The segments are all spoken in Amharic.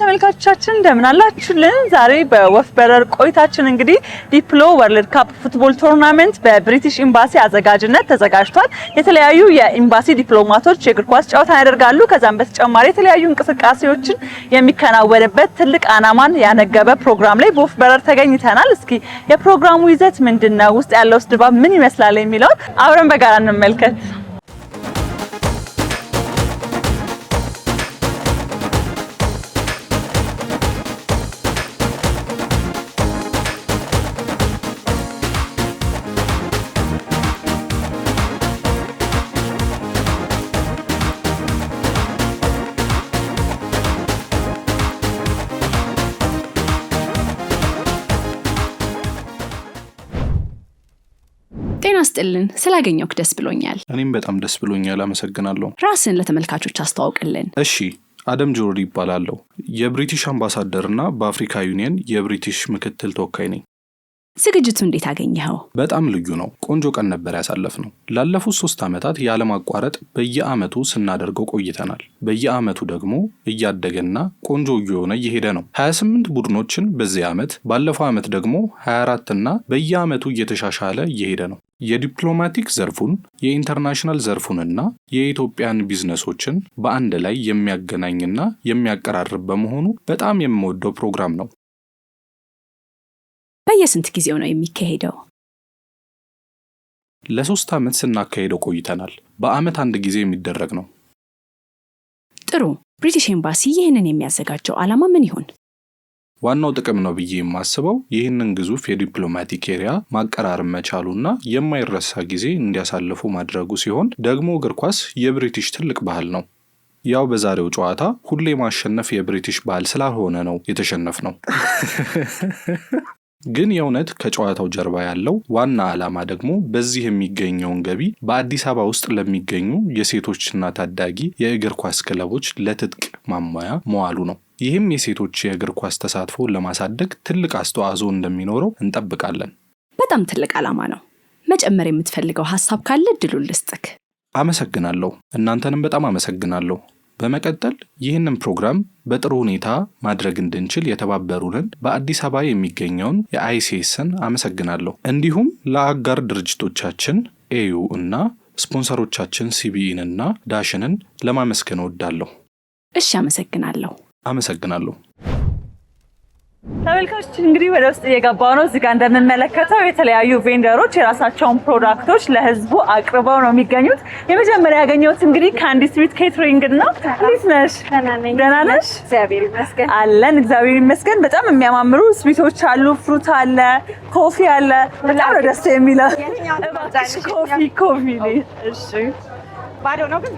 ተመልካቾቻችን እንደምን አላችሁልን? ዛሬ በወፍ በረር ቆይታችን እንግዲህ ዲፕሎ ወርልድ ካፕ ፉትቦል ቶርናመንት በብሪቲሽ ኤምባሲ አዘጋጅነት ተዘጋጅቷል። የተለያዩ የኤምባሲ ዲፕሎማቶች የእግር ኳስ ጨዋታ ያደርጋሉ። ከዛም በተጨማሪ የተለያዩ እንቅስቃሴዎችን የሚከናወንበት ትልቅ አናማን ያነገበ ፕሮግራም ላይ በወፍ በረር ተገኝተናል። እስኪ የፕሮግራሙ ይዘት ምንድነው፣ ውስጥ ያለው ድባብ ምን ይመስላል የሚለውን አብረን በጋራ እንመልከት። ጤና ስጥልን። ስላገኘውክ ደስ ብሎኛል። እኔም በጣም ደስ ብሎኛል። አመሰግናለሁ። ራስን ለተመልካቾች አስተዋውቅልን። እሺ አደም ጆሮድ ይባላለሁ። የብሪቲሽ አምባሳደር እና በአፍሪካ ዩኒየን የብሪቲሽ ምክትል ተወካይ ነኝ። ዝግጅቱ እንዴት አገኘኸው? በጣም ልዩ ነው። ቆንጆ ቀን ነበር ያሳለፍ ነው። ላለፉት ሶስት ዓመታት ያለማቋረጥ በየአመቱ ስናደርገው ቆይተናል። በየአመቱ ደግሞ እያደገና ቆንጆ እየሆነ እየሄደ ነው። 28 ቡድኖችን በዚህ ዓመት፣ ባለፈው ዓመት ደግሞ 24ና በየአመቱ እየተሻሻለ እየሄደ ነው። የዲፕሎማቲክ ዘርፉን የኢንተርናሽናል ዘርፉንና የኢትዮጵያን ቢዝነሶችን በአንድ ላይ የሚያገናኝና የሚያቀራርብ በመሆኑ በጣም የምወደው ፕሮግራም ነው። በየስንት ጊዜው ነው የሚካሄደው? ለሶስት ዓመት ስናካሄደው ቆይተናል። በአመት አንድ ጊዜ የሚደረግ ነው። ጥሩ። ብሪቲሽ ኤምባሲ ይህንን የሚያዘጋጀው ዓላማ ምን ይሆን? ዋናው ጥቅም ነው ብዬ የማስበው ይህንን ግዙፍ የዲፕሎማቲክ ኤሪያ ማቀራረብ መቻሉና የማይረሳ ጊዜ እንዲያሳልፉ ማድረጉ ሲሆን ደግሞ እግር ኳስ የብሪቲሽ ትልቅ ባህል ነው። ያው በዛሬው ጨዋታ ሁሌ ማሸነፍ የብሪቲሽ ባህል ስላልሆነ ነው የተሸነፍ ነው። ግን የእውነት ከጨዋታው ጀርባ ያለው ዋና ዓላማ ደግሞ በዚህ የሚገኘውን ገቢ በአዲስ አበባ ውስጥ ለሚገኙ የሴቶችና ታዳጊ የእግር ኳስ ክለቦች ለትጥቅ ማሟያ መዋሉ ነው። ይህም የሴቶች የእግር ኳስ ተሳትፎ ለማሳደግ ትልቅ አስተዋጽኦ እንደሚኖረው እንጠብቃለን። በጣም ትልቅ ዓላማ ነው። መጨመር የምትፈልገው ሀሳብ ካለ ድሉ ልስጥክ። አመሰግናለሁ። እናንተንም በጣም አመሰግናለሁ። በመቀጠል ይህንን ፕሮግራም በጥሩ ሁኔታ ማድረግ እንድንችል የተባበሩንን በአዲስ አበባ የሚገኘውን የአይሲስን አመሰግናለሁ። እንዲሁም ለአጋር ድርጅቶቻችን ኤዩ እና ስፖንሰሮቻችን ሲቢኢንና ዳሽንን ለማመስገን እወዳለሁ። እሺ፣ አመሰግናለሁ። አመሰግናለሁ። ተመልካቾች እንግዲህ ወደ ውስጥ እየገባው ነው። እዚጋ እንደምንመለከተው የተለያዩ ቬንደሮች የራሳቸውን ፕሮዳክቶች ለህዝቡ አቅርበው ነው የሚገኙት። የመጀመሪያ ያገኘሁት እንግዲህ ከአንድ ስዊት ኬትሪንግ ነው። እንዴት ነሽ? ደህና ነሽ? እግዚአብሔር ይመስገን አለን። እግዚአብሔር ይመስገን። በጣም የሚያማምሩ ስዊቶች አሉ፣ ፍሩት አለ፣ ኮፊ አለ። በጣም ነው ደስ የሚለው። ኮፊ ኮፊ ባዶ ነው ግን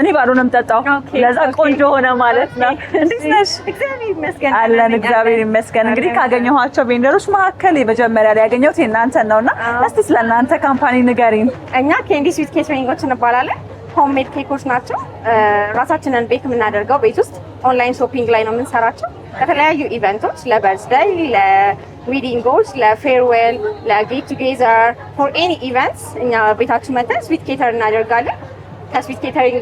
እኔ ነው የምጠጣው ለዛ ቆንጆ ሆነ ማለት ነው። እንዴት ነሽ? እግዚአብሔር ይመስገን አለን። እግዚአብሔር ይመስገን። እንግዲህ ካገኘኋቸው ቬንደሮች መካከል የመጀመሪያ ላይ ያገኘሁት ነው ነውና እስቲ ስለ እናንተ ካምፓኒ ንገሪን። እኛ ኬንዲ ስዊት ኬተሪንጎች እንባላለን። ሆምሜድ ኬኮች ናቸው። ራሳችንን ቤክ የምናደርገው ቤት ውስጥ ኦንላይን ሾፒንግ ላይ ነው የምንሰራቸው። ከተለያዩ ኢቨንቶች ለበርዝደይ፣ ለዊዲንጎች፣ ለፌርዌል፣ ለጌት ቱጌዘር ፎር ኤኒ ኢቨንትስ እኛ ቤታችን መተን ስዊት ኬተር እናደርጋለን። ከስዊት ኬተሪንግ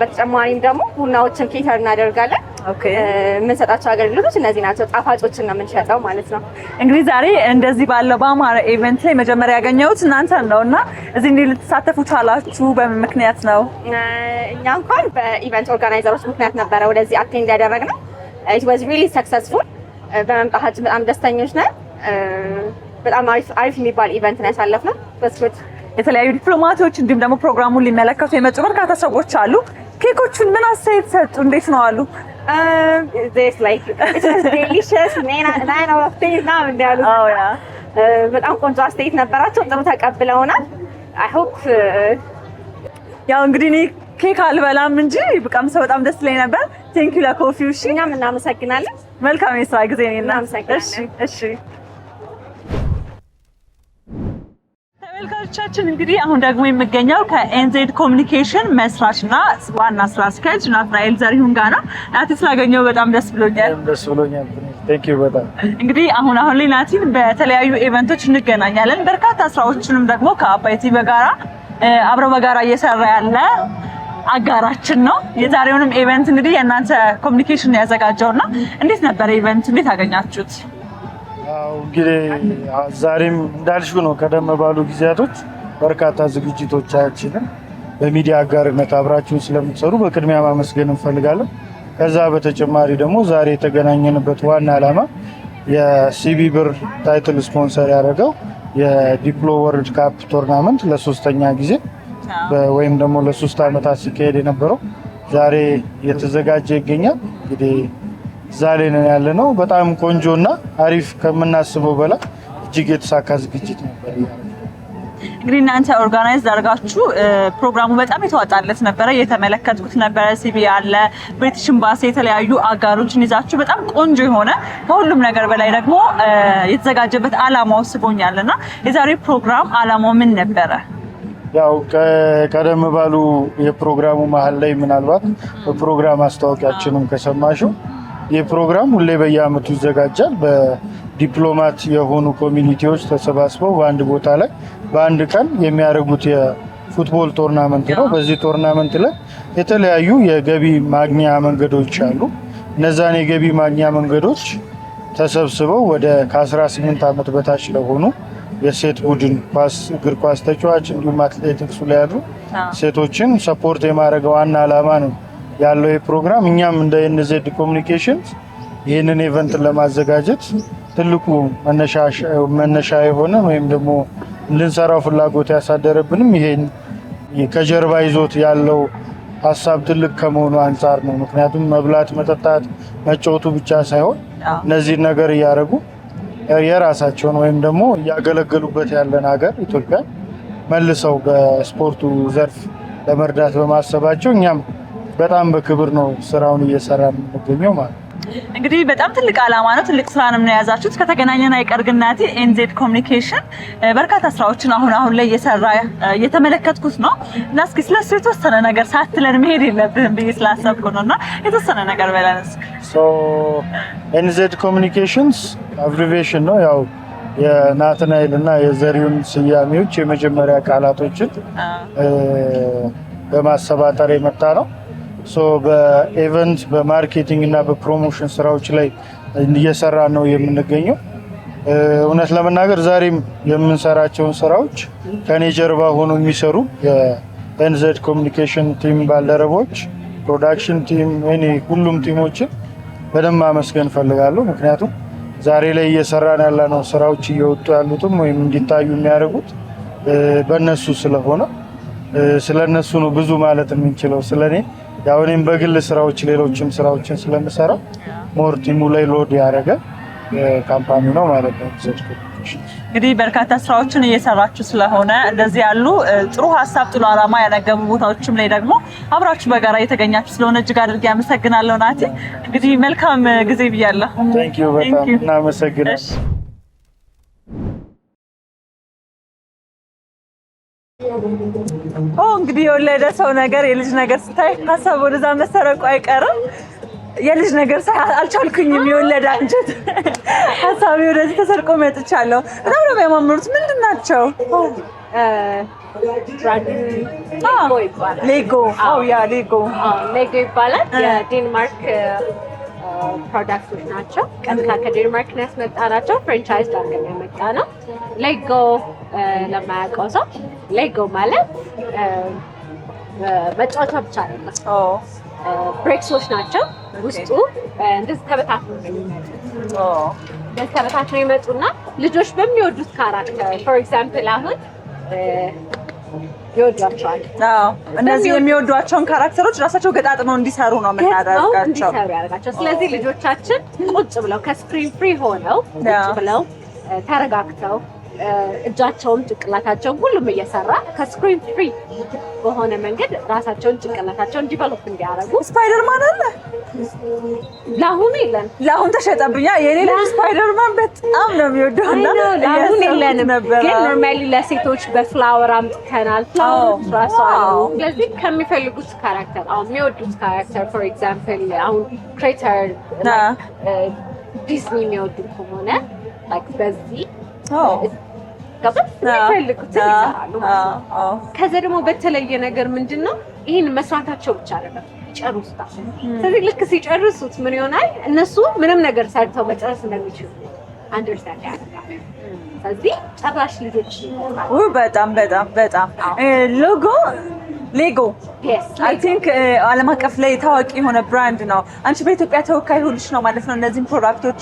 በተጨማሪም ደግሞ ቡናዎችን ኬተር እናደርጋለን። የምንሰጣቸው አገልግሎቶች እነዚህ ናቸው። ጣፋጮችን ነው የምንሸጠው ማለት ነው። እንግዲህ ዛሬ እንደዚህ ባለው በአማረ ኢቨንት ላይ መጀመሪያ ያገኘሁት እናንተን ነው እና እዚህ እንዲህ ልትሳተፉ ቻላችሁ በምን ምክንያት ነው? እኛ እንኳን በኢቨንት ኦርጋናይዘሮች ምክንያት ነበረ ወደዚህ አቴንድ ያደረግነው። ኢት ዋዝ ሪሊ ሰክሰስፉል። በመምጣታችን በጣም ደስተኞች ነን። በጣም አሪፍ የሚባል ኢቨንት ነው ያሳለፍነው። የተለያዩ ዲፕሎማቶች እንዲሁም ደግሞ ፕሮግራሙን ሊመለከቱ የመጡ በርካታ ሰዎች አሉ። ኬኮቹን ምን አስተያየት ሰጡ? እንዴት ነው አሉ? በጣም ቆንጆ አስተያየት ነበራቸው። ጥሩ ተቀብለውናል። አይ ሆፕ uh, ያው እንግዲህ እኔ ኬክ አልበላም እንጂ ብቃም ሰው በጣም ደስ ላይ ነበር። ቴንኪው ለኮፊው። እሺ፣ እኛም እናመሰግናለን። መልካም የስራ ጊዜ ነው። እናመሰግናለን። እሺ፣ እሺ። ዝግጅቶቻችን እንግዲህ አሁን ደግሞ የሚገኘው ከኤንዜድ ኮሚኒኬሽን መስራች እና ዋና ስራ አስኪያጅ ናትናኤል ዘሪሁን ጋር ነው። ናቲ ስላገኘው በጣም ደስ ብሎኛል። ደስ ብሎኛል። እንግዲህ አሁን አሁን ላይ ናቲን በተለያዩ ኢቨንቶች እንገናኛለን። በርካታ ስራዎችንም ደግሞ ከአባይቲ በጋራ አብረው በጋራ እየሰራ ያለ አጋራችን ነው። የዛሬውንም ኢቨንት እንግዲህ የእናንተ ኮሚኒኬሽን ያዘጋጀው እና እንዴት ነበረ ኢቨንት? እንዴት አገኛችሁት? እንግዲህ ዛሬም እንዳልሽው ነው። ቀደም ባሉ ጊዜያቶች በርካታ ዝግጅቶቻችንን በሚዲያ አጋርነት አብራችሁን ስለምትሰሩ በቅድሚያ ማመስገን እንፈልጋለን። ከዛ በተጨማሪ ደግሞ ዛሬ የተገናኘንበት ዋና ዓላማ የሲቢ ብር ታይትል ስፖንሰር ያደረገው የዲፕሎ ወርልድ ካፕ ቶርናመንት ለሶስተኛ ጊዜ ወይም ደግሞ ለሶስት ዓመታት ሲካሄድ የነበረው ዛሬ የተዘጋጀ ይገኛል እንግዲህ እዛ ላይ ነን ያለ ነው። በጣም ቆንጆና አሪፍ ከምናስበው በላይ እጅግ የተሳካ ዝግጅት ነበር። እንግዲህ እናንተ ኦርጋናይዝ አድርጋችሁ ፕሮግራሙ በጣም የተዋጣለት ነበረ። የተመለከትኩት ነበረ። ሲቪ አለ፣ ብሪቲሽ ኤምባሲ፣ የተለያዩ አጋሮችን ይዛችሁ በጣም ቆንጆ የሆነ ከሁሉም ነገር በላይ ደግሞ የተዘጋጀበት አላማው ስቦኛል እና የዛሬ ፕሮግራም አላማው ምን ነበረ? ያው ቀደም ባሉ የፕሮግራሙ መሀል ላይ ምናልባት በፕሮግራም አስታወቂያችንም ከሰማሽው ይህ ፕሮግራም ሁሌ በየአመቱ ይዘጋጃል። በዲፕሎማት የሆኑ ኮሚኒቲዎች ተሰባስበው በአንድ ቦታ ላይ በአንድ ቀን የሚያደርጉት የፉትቦል ቶርናመንት ነው። በዚህ ቶርናመንት ላይ የተለያዩ የገቢ ማግኛ መንገዶች አሉ። እነዛን የገቢ ማግኛ መንገዶች ተሰብስበው ወደ ከ18 ዓመት በታች ለሆኑ የሴት ቡድን ኳስ፣ እግር ኳስ ተጫዋች እንዲሁም አትሌቲክሱ ላይ ያሉ ሴቶችን ሰፖርት የማድረግ ዋና ዓላማ ነው ያለው ፕሮግራም እኛም እንደ ኤንዜድ ኮሚኒኬሽን ይህንን ኢቨንት ለማዘጋጀት ትልቁ መነሻ የሆነ ወይም ደግሞ እንድንሰራው ፍላጎት ያሳደረብንም ይሄን ከጀርባ ይዞት ያለው ሀሳብ ትልቅ ከመሆኑ አንጻር ነው። ምክንያቱም መብላት፣ መጠጣት፣ መጫወቱ ብቻ ሳይሆን እነዚህን ነገር እያደረጉ የራሳቸውን ወይም ደግሞ እያገለገሉበት ያለን ሀገር ኢትዮጵያ መልሰው በስፖርቱ ዘርፍ ለመርዳት በማሰባቸው እኛም በጣም በክብር ነው ስራውን እየሰራ የምንገኘው ማለት ነው። እንግዲህ በጣም ትልቅ ዓላማ ነው፣ ትልቅ ስራ ነው የያዛችሁት። ከተገናኘን አይቀር ኤንዜድ ኮሚኒኬሽን በርካታ ስራዎችን አሁን አሁን ላይ እየሰራ እየተመለከትኩት ነው እና እስኪ ስለሱ የተወሰነ ነገር ሳትለን መሄድ የለብህም ብዬ ስላሰብኩ ነው እና የተወሰነ ነገር በለን እስኪ። ኤንዜድ ኮሚኒኬሽንስ አብሪቬሽን ነው ያው የናትናኤል እና የዘሪውን ስያሜዎች የመጀመሪያ ቃላቶችን በማሰባጠር የመጣ ነው። ሶ በኤቨንት በማርኬቲንግ እና በፕሮሞሽን ስራዎች ላይ እየሰራ ነው የምንገኘው። እውነት ለመናገር ዛሬም የምንሰራቸውን ስራዎች ከኔ ጀርባ ሆኖ የሚሰሩ የኤንዘድ ኮሚኒኬሽን ቲም ባልደረቦች፣ ፕሮዳክሽን ቲም፣ እኔ ሁሉም ቲሞችን በደንብ አመስገን ፈልጋለሁ። ምክንያቱም ዛሬ ላይ እየሰራን ያለነው ስራዎች እየወጡ ያሉትም ወይም እንዲታዩ የሚያደርጉት በእነሱ ስለሆነ ስለ እነሱ ነው ብዙ ማለት የምንችለው። ስለ እኔ ያው እኔም በግል ስራዎች ሌሎችም ስራዎችን ስለምሰራ ሞር ቲሙ ላይ ሎድ ያደረገ ካምፓኒ ነው ማለት ነው። እንግዲህ በርካታ ስራዎችን እየሰራችሁ ስለሆነ እንደዚህ ያሉ ጥሩ ሀሳብ ጥሩ አላማ ያነገቡ ቦታዎችም ላይ ደግሞ አብራችሁ በጋራ እየተገኛችሁ ስለሆነ እጅግ አድርጌ አመሰግናለሁ ናቲ። እንግዲህ መልካም ጊዜ ብያለሁ። እናመሰግናል። ኦ እንግዲህ የወለደ ሰው ነገር የልጅ ነገር ስታይ ሀሳብ ወደዛ መሰረቁ አይቀርም። የልጅ ነገር ሳይ አልቻልኩኝም። የወለደ አንጀት ሀሳቤ ወደዚህ ተሰርቆ መጥቻለሁ። በጣም ነው የሚያማምሩት ምንድን ናቸው? ሌጎ ያ ሌጎ ሌጎ ይባላል። የዴንማርክ ፕሮዳክቶች ናቸው። ቀጥታ ከዴንማርክ ነው ያስመጣናቸው። ፍሬንቻይዝ ዳርገን ያመጣ ነው። ሌጎ ለማያውቀው ሰው ሌጎ ማለት መጫወቻ ብቻ አይደለም፣ ብሬክሶች ናቸው። ውስጡ እንደዚህ ተበታትነው የሚመጡ ተበታትነው ይመጡና ልጆች በሚወዱት ካራክተር ፎር ኤግዛምፕል አሁን ይወዷቸዋል። እነዚህ የሚወዷቸውን ካራክተሮች እራሳቸው ገጣጥመው እንዲሰሩ ነው የምናደርጋቸው ስለዚህ ልጆቻችን ቁጭ ብለው ከስክሪን ፍሪ ሆነው ቁጭ ብለው ተረጋግተው እጃቸውን ጭንቅላታቸውን ሁሉም እየሰራ ከስክሪን ፍሪ በሆነ መንገድ ራሳቸውን ጭንቅላታቸውን ዲቨሎፕ እንዲያደርጉ ስፓይደርማን አለ። ለአሁኑ የለን፣ ለአሁን ተሸጠብኛ። የሌላ ስፓይደርማን በጣም ነው የሚወደው እና ለአሁን የለንም፣ ግን ኖርማሊ ለሴቶች በፍላወር አምጥተናል። ፍላወሮች ራሱ አሉ። ስለዚህ ከሚፈልጉት ካራክተር አሁን የሚወዱት ካራክተር ፎር ኤግዛምፕል አሁን ክሬተር ዲዝኒ uh, የሚወዱት ከሆነ በዚህ የሚፈልጉት ይሰራሉ ማለት ከዛ ደግሞ በተለየ ነገር ምንድን ነው ይህን መስራታቸው ብቻ አይደለም ይጨርሱታል። ስለዚህ ልክ ሲጨርሱት ምን ይሆናል እነሱ ምንም ነገር ሰርተው መጨረስ እንደሚችሉ አንደርስታንድ ያደርጋል። ስለዚህ ጨራሽ ልጆች በጣም በጣም በጣም ሎጎ ሌጎ አይ ቲንክ ዓለም አቀፍ ላይ ታዋቂ የሆነ ብራንድ ነው። አንቺ በኢትዮጵያ ተወካይ ሆንሽ ነው ማለት ነው እነዚህን ፕሮዳክቶች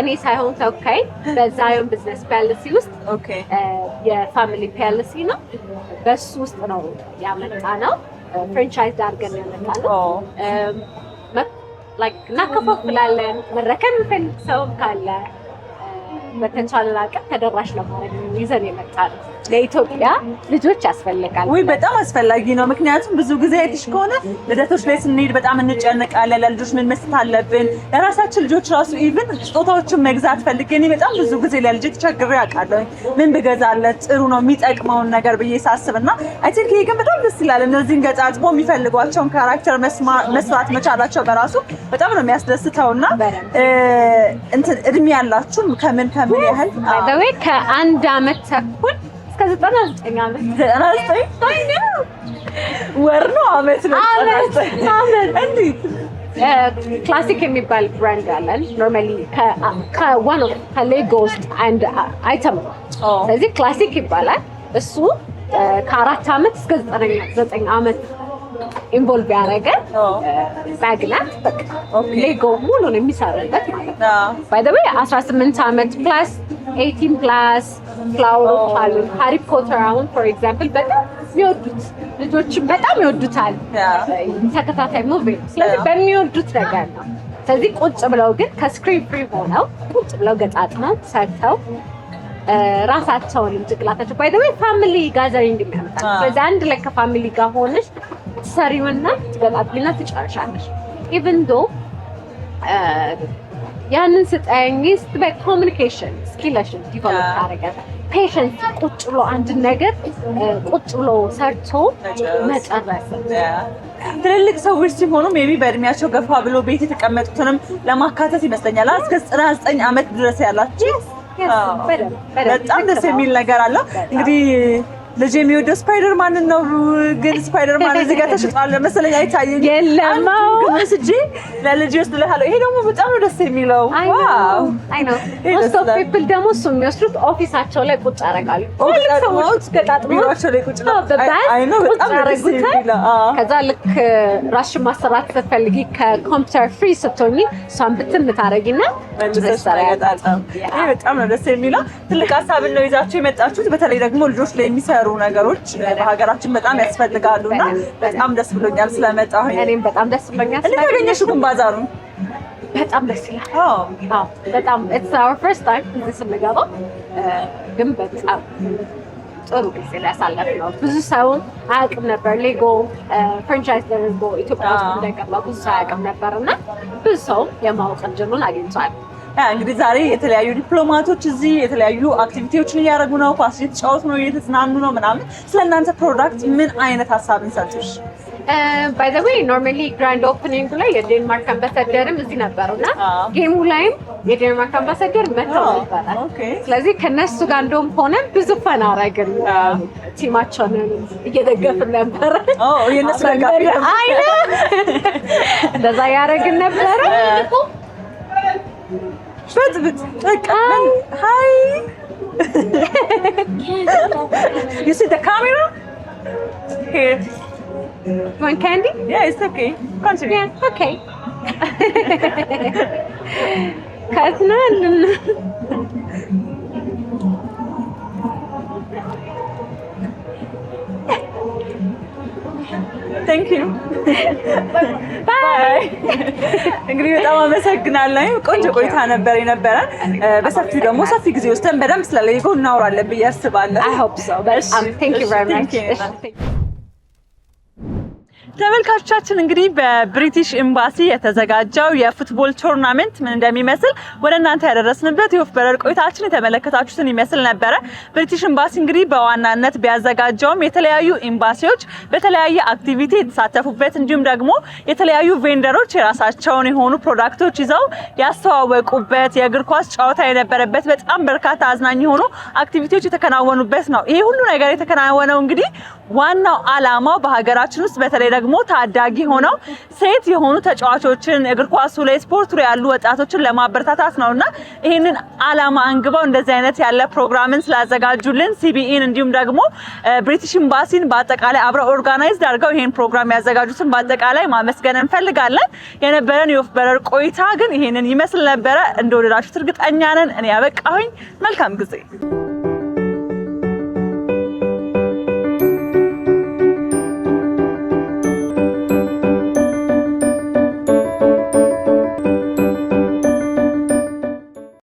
እኔ ሳይሆን ተወካይ በዛዮን ቢዝነስ ፓሊሲ ውስጥ የፋሚሊ ፓሊሲ ነው። በሱ ውስጥ ነው ያመጣ ነው። ፍራንቻይዝ አድርገን ያመጣ ነው እናከፋፍላለን። መረከብ የሚፈልግ ሰውም ካለ በተቻለን አቅም ተደራሽ ለማድረግ ይዘን የመጣ ነው። ለኢትዮጵያ ልጆች ያስፈልጋል። ወይ? በጣም አስፈላጊ ነው። ምክንያቱም ብዙ ጊዜ አይተሽ ከሆነ ልደቶች ላይ ስንሄድ በጣም እንጨነቃለን። ለልጆች ምን መስጠት አለብን? ለራሳችን ልጆች ራሱ ኢቭን ስጦታዎችን መግዛት ፈልጌ እኔ በጣም ብዙ ጊዜ ለልጅ ተቸግሬ አውቃለሁ። ምን ብገዛለት ጥሩ ነው የሚጠቅመውን ነገር ብዬ ሳስብ እና አይ ቲንክ ይሄ ግን በጣም ደስ ይላል። እነዚህን ገጣጥሞ የሚፈልጓቸውን ካራክተር መስራት መቻላቸው በራሱ በጣም ነው የሚያስደስተውና እንትን እድሜ ያላችሁም ከምን ከምን ያህል ባይዘዌ ከአንድ አመት ተኩል እስከ 99 ዘጠኝ አመት ወር ነው አመት ነው አመት እንዴት ክላሲክ የሚባል ብራንድ አለን። ኖርማሊ ከዋን ኦፍ ከሌጎ ውስጥ አንድ አይተም ነው። ስለዚህ ክላሲክ ይባላል። እሱ ከአራት አመት እስከ ዘጠኝ አመት ኢንቮልቭ ያደረገ ባግናት ሌጎ ሙሉ ነው የሚሰራበት ማለት ነው። 18 ዓመት ፕላስ 18 ፕላስ ፍላወሮች አሉ። ሃሪ ፖተር አሁን ፎር ኤግዛምፕል በጣም የሚወዱት ልጆችን በጣም ይወዱታል። ተከታታይ ሙቪ ስለዚህ በሚወዱት ነገር ነው። ስለዚህ ቁጭ ብለው ግን ከስክሪን ፍሪ ሆነው ቁጭ ብለው ገጣጥመው ሰርተው ራሳቸውንም ጭቅላታቸው ባይ ዘ ወይ ፋሚሊ ጋዘሪንግ የሚያመጣ ስለዚህ አንድ ላይ ከፋሚሊ ጋር ሆነሽ ትሰሪውና ትገጣጥሚና ትጨርሻለሽ። ኢቭን ዶ ያንን ስጠኝ ስትበይ ኮሚኒኬሽን ስኪለሽን ዲቨሎፕ ታደርጊያለሽ። ፔሽንት ቁጭ ብሎ አንድን ነገር ቁጭ ብሎ ሰርቶ መጨረስ ትልልቅ ሰዎች ሲሆኑ ሜይ ቢ በእድሜያቸው ገፋ ብሎ ቤት የተቀመጡትንም ለማካተት ይመስለኛል። እስከ 99 ዘጠኝ ዓመት ድረስ ያላችሁ በጣም ደስ የሚል ነገር አለው እንግዲህ ልጅ የሚወደው ስፓይደርማንን ነው። ግን ስፓይደርማን እዚህ ጋር ተሽጧል መሰለኝ አይታየኝ የለም ከመስጂ ለልጅ ወስድ ልሃለሁ። ይሄ ደግሞ በጣም ነው ደስ የሚለው። አይ ነው ሞስት ኦፍ ፒፕል ደግሞ እሱ የሚወስዱት ኦፊሳቸው ላይ ቁጭ ያደርጋሉ። ሰዎች ገጣጥሚቸው ላይ ቁጭ ነው። ነው ነው አይ በጣም ደስ የሚለው። ከዛ ልክ ራስሽን ማሰራት ስትፈልጊ ከኮምፒውተር ፍሪ ስትሆኚ እሷን ብትን ታደርጊና በጣም ነው ደስ የሚለው። ትልቅ ሀሳብ ነው ይዛችሁ የመጣችሁት። በተለይ ደግሞ ልጆች ላይ የሚሰሩ የሚሰሩ ነገሮች በሀገራችን በጣም ያስፈልጋሉ እና በጣም ደስ ብሎኛል ስለመጣ። እኔም በጣም ደስ ብሎኛል። እንዴት አገኘሽው ግን ባዛሩን? በጣም ደስ ይላል። በጣም ኢትስ አወር ፈርስት ታይም እዚህ ስንገባ ግን በጣም ጥሩ ጊዜ ብዙ ሰውን አያውቅም ነበር። ሌጎ ፍራንቻይዝ ኢትዮጵያ ውስጥ እንደገባ ብዙ ሰው አያውቅም ነበር እና ብዙ ሰው የማወቅ እድሉን አግኝቷል። እንግዲህ ዛሬ የተለያዩ ዲፕሎማቶች እዚህ የተለያዩ አክቲቪቲዎችን እያደረጉ ነው፣ ኳስ እየተጫወቱ ነው፣ እየተዝናኑ ነው ምናምን። ስለ እናንተ ፕሮዳክት ምን አይነት ሀሳብ እንሰጥሽ? ባይ ዘ ዌይ ኖርማሊ ግራንድ ኦፕኒንግ ላይ የዴንማርክ አምባሳደርም እዚህ ነበሩ ነበሩና ጌሙ ላይም የዴንማርክ አምባሳደር መጥተው ይባላል። ስለዚህ ከነሱ ጋር እንደውም ሆነን ብዙ ፈን አረግን፣ ቲማቸውን እየደገፍን ነበረ። እንደዛ ያደረግን ነበረ ብጥብጥ በቃ ሃይ you see the camera here want candy yeah it's okay continue yeah okay ካትና ቴንክ ዩ ባይ። እንግዲህ በጣም አመሰግናለሁ። ቆንጆ ቆይታ ነበር የነበረን። በሰፊው ደግሞ ሰፊ ጊዜ ውስጥ በደንብ ስለ ሌጎ እናወራለን ብዬ አስባለሁ። ተመልካቾቻችን እንግዲህ በብሪቲሽ ኤምባሲ የተዘጋጀው የፉትቦል ቱርናሜንት ምን እንደሚመስል ወደ እናንተ ያደረስንበት የወፍ በረር ቆይታችን የተመለከታችሁትን ይመስል ነበረ። ብሪቲሽ ኤምባሲ እንግዲህ በዋናነት ቢያዘጋጀውም የተለያዩ ኤምባሲዎች በተለያየ አክቲቪቲ የተሳተፉበት እንዲሁም ደግሞ የተለያዩ ቬንደሮች የራሳቸውን የሆኑ ፕሮዳክቶች ይዘው ያስተዋወቁበት የእግር ኳስ ጨዋታ የነበረበት በጣም በርካታ አዝናኝ የሆኑ አክቲቪቲዎች የተከናወኑበት ነው። ይሄ ሁሉ ነገር የተከናወነው እንግዲህ ዋናው ዓላማው በሀገራችን ውስጥ በተለይ ደግሞ ታዳጊ ሆነው ሴት የሆኑ ተጫዋቾችን እግር ኳሱ ላይ ስፖርቱ ላይ ያሉ ወጣቶችን ለማበረታታት ነው እና ይህንን አላማ አንግበው እንደዚህ አይነት ያለ ፕሮግራምን ስላዘጋጁልን ሲቢኢን እንዲሁም ደግሞ ብሪቲሽ ኤምባሲን በአጠቃላይ አብረው ኦርጋናይዝ አድርገው ይህን ፕሮግራም ያዘጋጁትን በአጠቃላይ ማመስገን እንፈልጋለን። የነበረን የወፍ በረር ቆይታ ግን ይህንን ይመስል ነበረ። እንደወደዳችሁት እርግጠኛ ነን። እኔ ያበቃሁኝ። መልካም ጊዜ